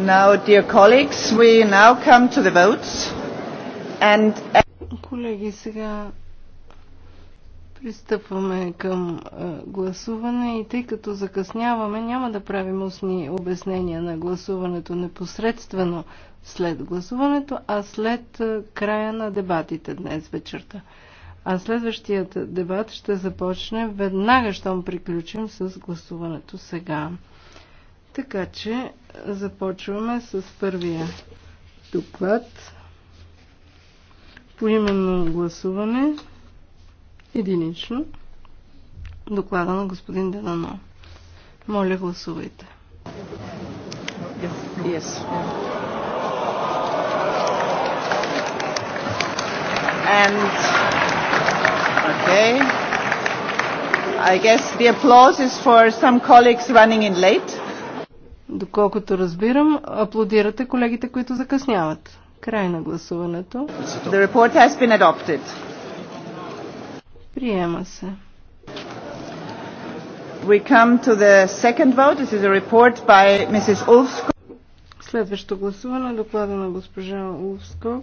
Uh, Колеги, сега пристъпваме към е, гласуване и тъй като закъсняваме, няма да правим устни обяснения на гласуването непосредствено след гласуването, а след е, края на дебатите днес вечерта. А следващият дебат ще започне веднага, щом приключим с гласуването сега. Така че започваме с първия доклад. Поименно гласуване. Единично. Доклада на господин Денано. Моля, гласувайте. Yes. and okay. I guess the applause is for some colleagues running in late. Доколкото разбирам, аплодирате колегите, които закъсняват. Край на гласуването. The report has been adopted. Приема се. We come to the second vote. This is a report by Mrs. Ulfskog. Следващо гласуване. Доклада на госпожа Ulfskog.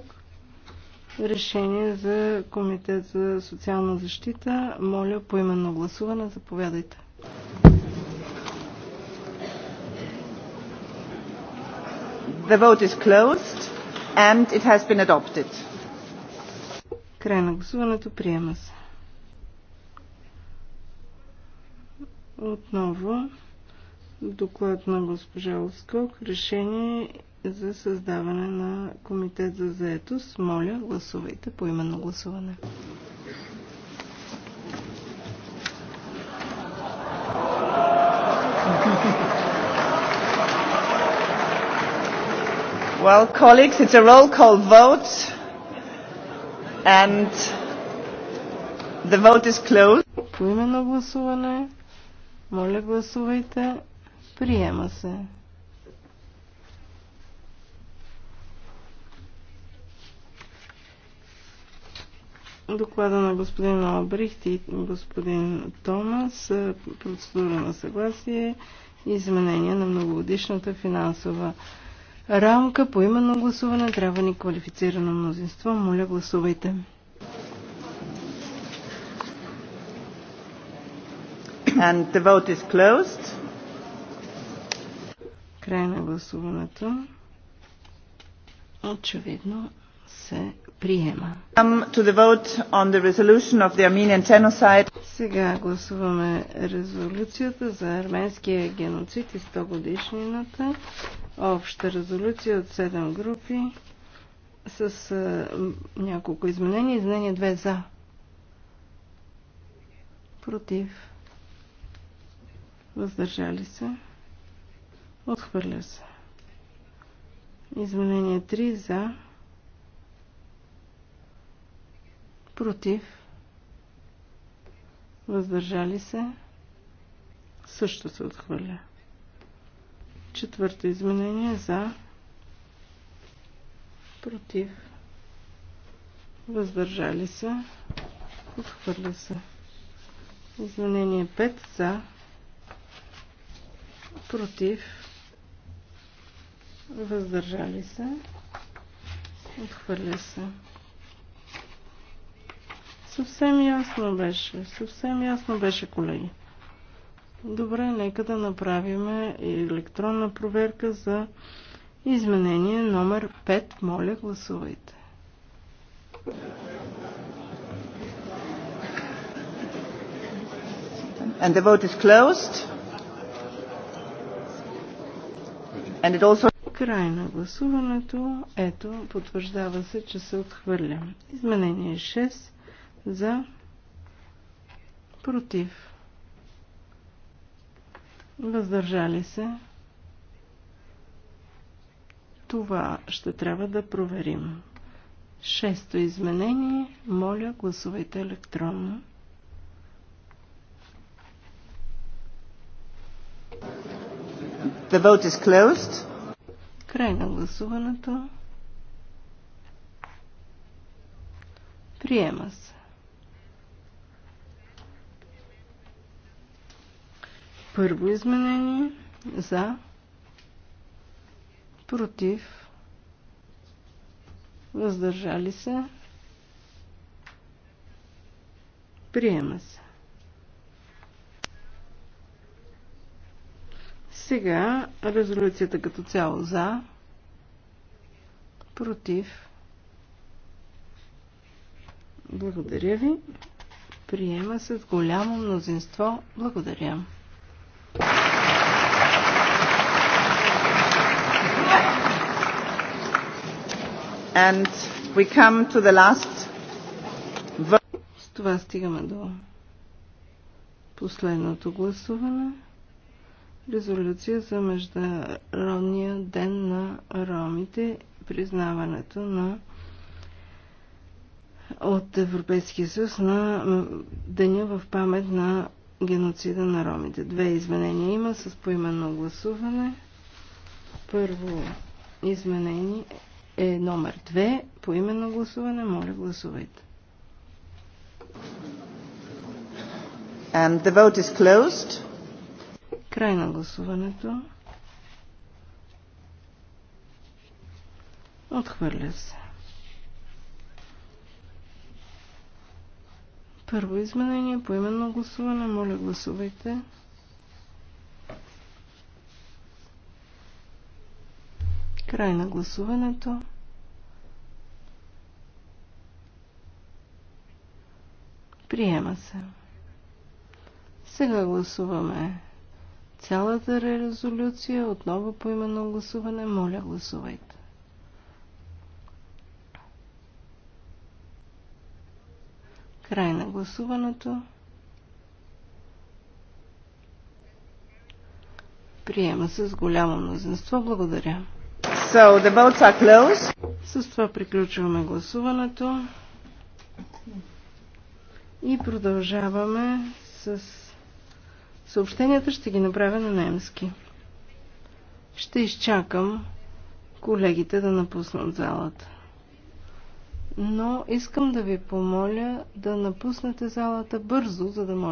Решение за Комитет за социална защита. Моля по именно гласуване. Заповядайте. The vote is closed and it has been adopted. Край на гласуването приема се. Отново доклад на госпожа Оскок. Решение за създаване на комитет за заетост. Моля, гласувайте по именно гласуване. Thank you. Well, colleagues, it's a roll call vote, and the vote is closed. Поименно гласуване. Моля, гласувайте. Приема се. Доклада на господин Албрихт и господин Томас, е, процедура на съгласие и изменение на многогодишната финансова рамка по именно гласуване трябва ни квалифицирано мнозинство. Моля, гласувайте. And the vote is closed. Край на гласуването. Очевидно се приема. Сега гласуваме резолюцията за арменския геноцид и 100 годишнината. Обща резолюция от 7 групи с а, няколко изменения. Изменение 2 за. Против. Въздържали се. Отхвърля се. Изменение 3 за против, въздържали се, също се отхвърля. Четвърто изменение за, против, въздържали се, отхвърля се. Изменение 5 за, против, въздържали се, отхвърля се. Съвсем ясно беше, съвсем ясно беше, колеги. Добре, нека да направим електронна проверка за изменение номер 5. Моля, гласувайте. And the vote is closed. And it also... Край на гласуването. Ето, потвърждава се, че се отхвърля. Изменение 6 за, против, въздържали се. Това ще трябва да проверим. Шесто изменение. Моля, гласувайте електронно. The vote is closed. Край на гласуването. Приема се. Първо изменение за, против, въздържали се, приема се. Сега резолюцията като цяло за, против. Благодаря ви. Приема се с голямо мнозинство. Благодаря. And we come to the last С това стигаме до последното гласуване. Резолюция за Международния ден на ромите, признаването на от Европейския съюз на деня в памет на геноцида на ромите. Две изменения има с поименно гласуване. Първо изменение е номер 2. По именно гласуване, моля гласувайте. And the vote is closed. Край на гласуването. Отхвърля се. Първо изменение, по именно гласуване, моля гласувайте. Край на гласуването. Приема се. Сега гласуваме цялата резолюция. Отново по именно гласуване. Моля, гласувайте. Край на гласуването. Приема се с голямо мнозинство. Благодаря. So, the votes are closed. С това приключваме гласуването. И продължаваме с съобщенията. Ще ги направя на немски. Ще изчакам колегите да напуснат залата. Но искам да ви помоля да напуснете залата бързо, за да може